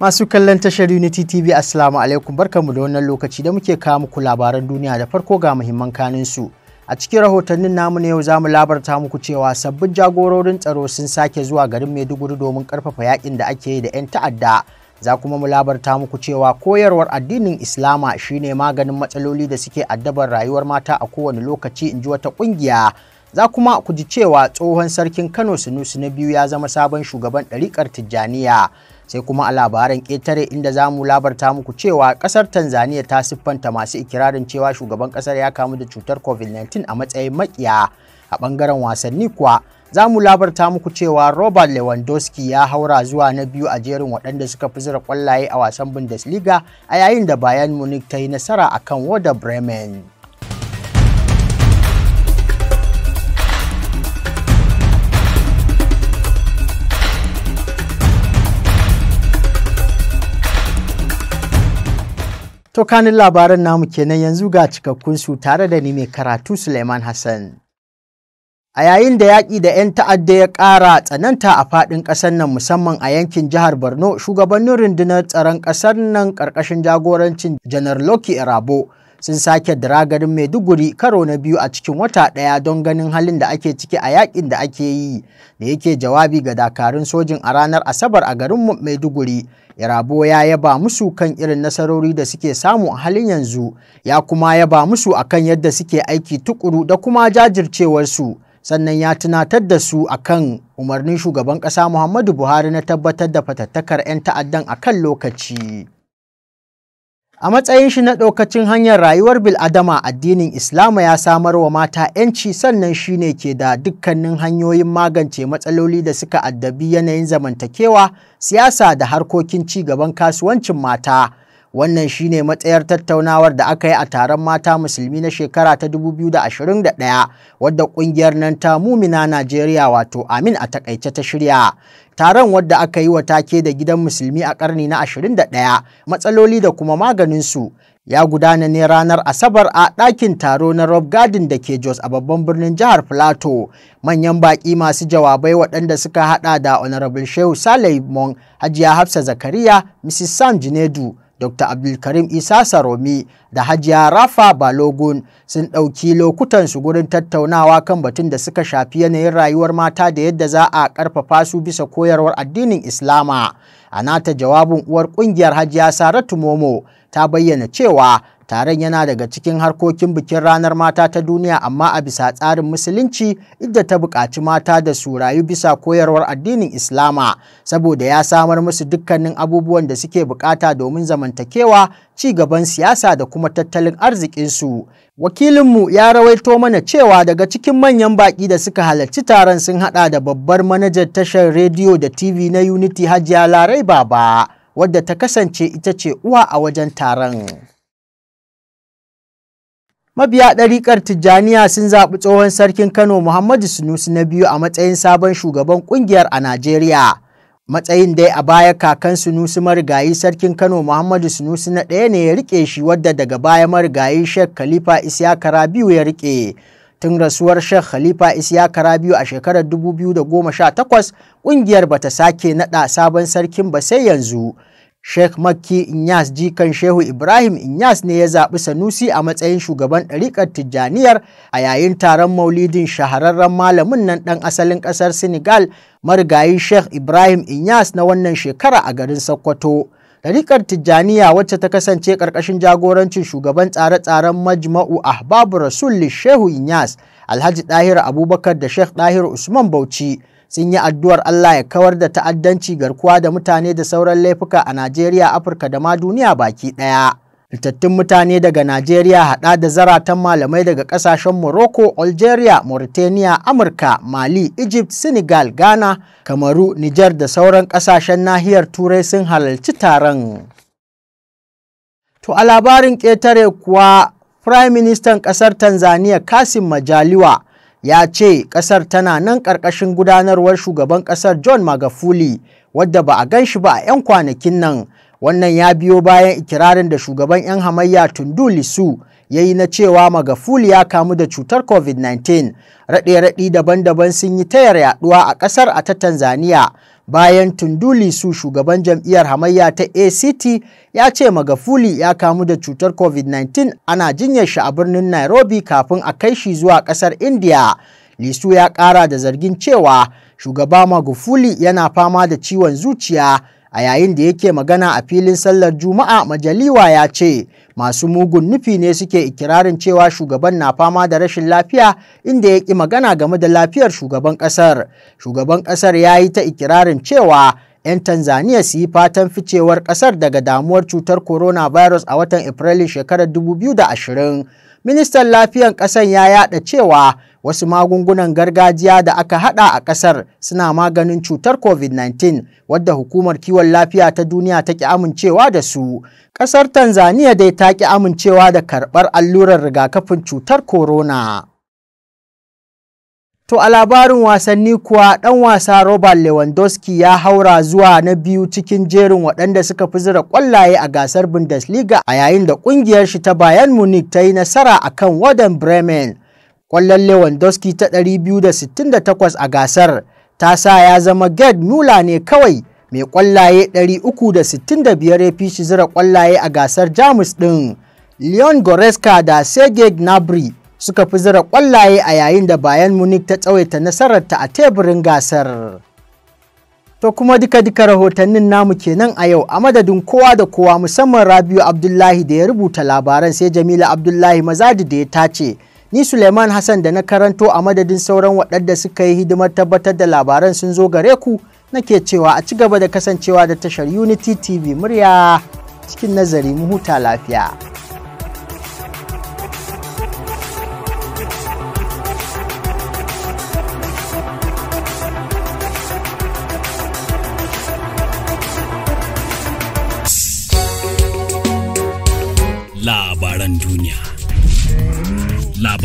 Masu kallon tashar Unity TV Assalamu alaikum barkamu da wannan lokaci da muke kawo muku labaran duniya da farko ga muhimman kanin su. A cikin rahotannin namu na yau zamu labarta muku cewa sabbin jagororin tsaro sun sake zuwa garin Maiduguri domin karfafa yakin da ake yi da 'yan ta'adda. Za kuma mu labarta muku cewa koyarwar addinin Islama shine maganin matsaloli da suke addabar rayuwar mata a kowane lokaci in ji wata kungiya. Za kuma ku ji cewa tsohon sarkin Kano Sunusi na biyu ya zama sabon shugaban ɗariƙar Tijjaniya. sai kuma a labaran ƙetare inda za mu labarta muku cewa ƙasar tanzania ta siffanta masu ikirarin cewa shugaban ƙasar ya kamu da cutar covid-19 a matsayin makiya a ɓangaren wasanni kuwa za mu labarta muku cewa robert lewandowski ya haura zuwa na biyu a jerin waɗanda suka fi zira ƙwallaye a wasan bundesliga a yayin da bayan munich ta yi nasara akan wada bremen To kanin labaran namu kenan yanzu ga cikakkun su tare da ni mai karatu Suleiman Hassan. A yayin da yaƙi da 'yan ta'adda ya ƙara tsananta a faɗin ƙasar nan musamman a yankin jihar Borno, shugabannin rundunar tsaron ƙasar nan ƙarƙashin jagorancin Janar Loki Irabo sun sake garin maiduguri karo na biyu a cikin wata ɗaya don ganin halin da ake ciki a yakin da ake yi da yake jawabi ga dakarun sojin a ranar asabar a garin maiduguri Irabo ya yaba musu kan irin nasarori da suke samu a halin yanzu ya kuma yaba musu akan yadda suke aiki tukuru da kuma jajircewar su, sannan ya tunatar da su a kan umarnin shugaban ƙasa Muhammadu Buhari na tabbatar da fatattakar 'yan ta'addan a kan lokaci. A matsayin shi na ɗaukacin hanyar rayuwar bil'adama addinin Islama ya samar wa mata 'yanci sannan shi ne ke da dukkanin hanyoyin magance matsaloli da suka addabi yanayin zamantakewa, siyasa da harkokin ci gaban kasuwancin mata. wannan shine matsayar tattaunawar da aka yi a taron mata musulmi na shekara ta 2021 wadda kungiyar nan ta mumina najeriya wato amin a takaice ta shirya taron wadda aka yi wa take da gidan musulmi a karni na 21 matsaloli da kuma maganin su ya gudana ne ranar asabar a ɗakin taro na rob garden da ke jos a babban birnin jihar plateau manyan baƙi masu jawabai waɗanda suka haɗa da honorable shehu Salimon, hajiya hafsa zakariya mrs sam jinedu Dr. Abdulkarim Isa Saromi da Hajiya Rafa Balogun sun ɗauki lokutansu gurin tattaunawa kan batun da suka shafi yanayin rayuwar mata da yadda za a ƙarfafa su bisa koyarwar addinin Islama. A nata jawabin uwar ƙungiyar Hajiya Saratu Momo ta bayyana cewa taron yana daga cikin harkokin bikin ranar mata ta duniya amma a bisa tsarin musulunci idda ta buƙaci mata da su rayu bisa koyarwar addinin islama saboda ya samar musu dukkanin abubuwan da suke bukata domin zamantakewa ci gaban siyasa da kuma tattalin arzikinsu wakilinmu ya rawaito mana cewa daga cikin manyan baƙi da suka halarci taron sun haɗa da babbar manajar tashar rediyo da tv na unity hajiya larai baba wadda ta kasance ita ce uwa a wajen taron Mabiya ɗariƙar Tijjaniya sun zaɓi tsohon sarkin Kano Muhammadu Sunusi na biyu a matsayin sabon shugaban ƙungiyar a Najeriya. Matsayin dai a baya kakan Sunusi marigayi sarkin Kano Muhammadu Sunusi na ɗaya ne ya riƙe shi wadda daga baya marigayi Sheikh Khalifa Isiyaka Rabiu ya riƙe. Tun rasuwar Sheikh Khalifa Isiyaka Rabiu a shekarar 2018 ƙungiyar bata sake naɗa sabon sarkin ba sai yanzu. Sheikh Makki Inyas jikan Shehu Ibrahim Inyas ne ya zaɓi Sanusi a matsayin shugaban ɗariƙar Tijjaniyar a yayin taron maulidin shahararren malamin nan ɗan asalin ƙasar Senegal marigayi Sheikh Ibrahim Inyas na wannan shekara a garin Sokoto. Ɗariƙar Tijjaniya wacce ta kasance ƙarƙashin jagorancin shugaban tsare-tsaren Majma'u Ahbabu Rasul Shehu Inyas, Alhaji Ɗahir Abubakar da Sheikh Ɗahir Usman Bauchi. sun yi addu'ar Allah ya kawar da ta'addanci garkuwa da mutane da sauran laifuka a Najeriya, Afirka da ma duniya baki ɗaya. Littattun mutane daga Najeriya haɗa da zaratan malamai daga ƙasashen Morocco, Algeria, Mauritania, Amurka, Mali, Egypt, Senegal, Ghana, Kamaru, Nijar da sauran ƙasashen nahiyar Turai sun halarci taron. To a labarin ƙetare kuwa Prime Ministan ƙasar Tanzania Kasim Majaliwa ya ce ƙasar tana nan ƙarƙashin gudanarwar shugaban ƙasar John Magafuli wadda ba a gan shi ba a 'yan kwanakin nan. Wannan ya biyo bayan ikirarin da shugaban 'yan hamayya Tundu Lisu ya yi na cewa magaful ya kamu da cutar covid-19 raɗe-raɗi daban-daban sun yi tayar yaɗuwa a ƙasar a ta tanzania bayan tunduli su shugaban jam'iyyar hamayya ta act ya ce magafuli ya kamu da cutar covid-19 ana jinyar shi a birnin nairobi kafin a kai shi zuwa ƙasar india lisu ya ƙara da zargin cewa shugaba magufuli yana fama da ciwon zuciya a yayin da yake magana a filin sallar juma'a majaliwa ya ce masu mugun nufi ne suke ikirarin cewa shugaban na fama da rashin lafiya inda ya ƙi magana game da lafiyar shugaban kasar. shugaban kasar ya yi ta ikirarin cewa 'yan tanzania su yi fatan ficewar kasar daga damuwar cutar coronavirus a watan shekarar 2020 ministan lafiyan ƙasar ya yada cewa wasu magungunan gargajiya da aka hada a kasar suna maganin cutar covid-19 wadda hukumar kiwon lafiya ta duniya ta ki amincewa da su kasar tanzania dai ta ki amincewa da karbar allurar rigakafin cutar corona To a labarin wasanni kuwa 'dan wasa Robert Lewandowski ya haura zuwa na biyu cikin jerin waɗanda suka fi zira ƙwallaye a gasar Bundesliga a yayin da ƙungiyar shi ta Bayan Munich ta yi nasara akan Wadan Bremen. Ƙwallon Lewandowski ta 268 a gasar ta sa ya zama Gerd Müller ne kawai mai ƙwallaye 365 ya fi shi zira ƙwallaye a gasar Jamus ɗin. Leon Goreska da Sergei Gnabry suka fi zira ƙwallaye a yayin da Bayern Munich ta tsawaita nasararta a teburin gasar. To kuma duka-duka rahotannin namu kenan a yau a madadin kowa da kowa musamman Rabiu Abdullahi da ya rubuta labaran sai Jamila Abdullahi Mazadi da ya tace. Ni Suleiman Hassan da na karanto a madadin sauran waɗanda suka yi hidimar tabbatar da labaran sun zo gare ku nake cewa a ci gaba da kasancewa da tashar Unity TV murya cikin nazari mu huta lafiya. labaran duniya.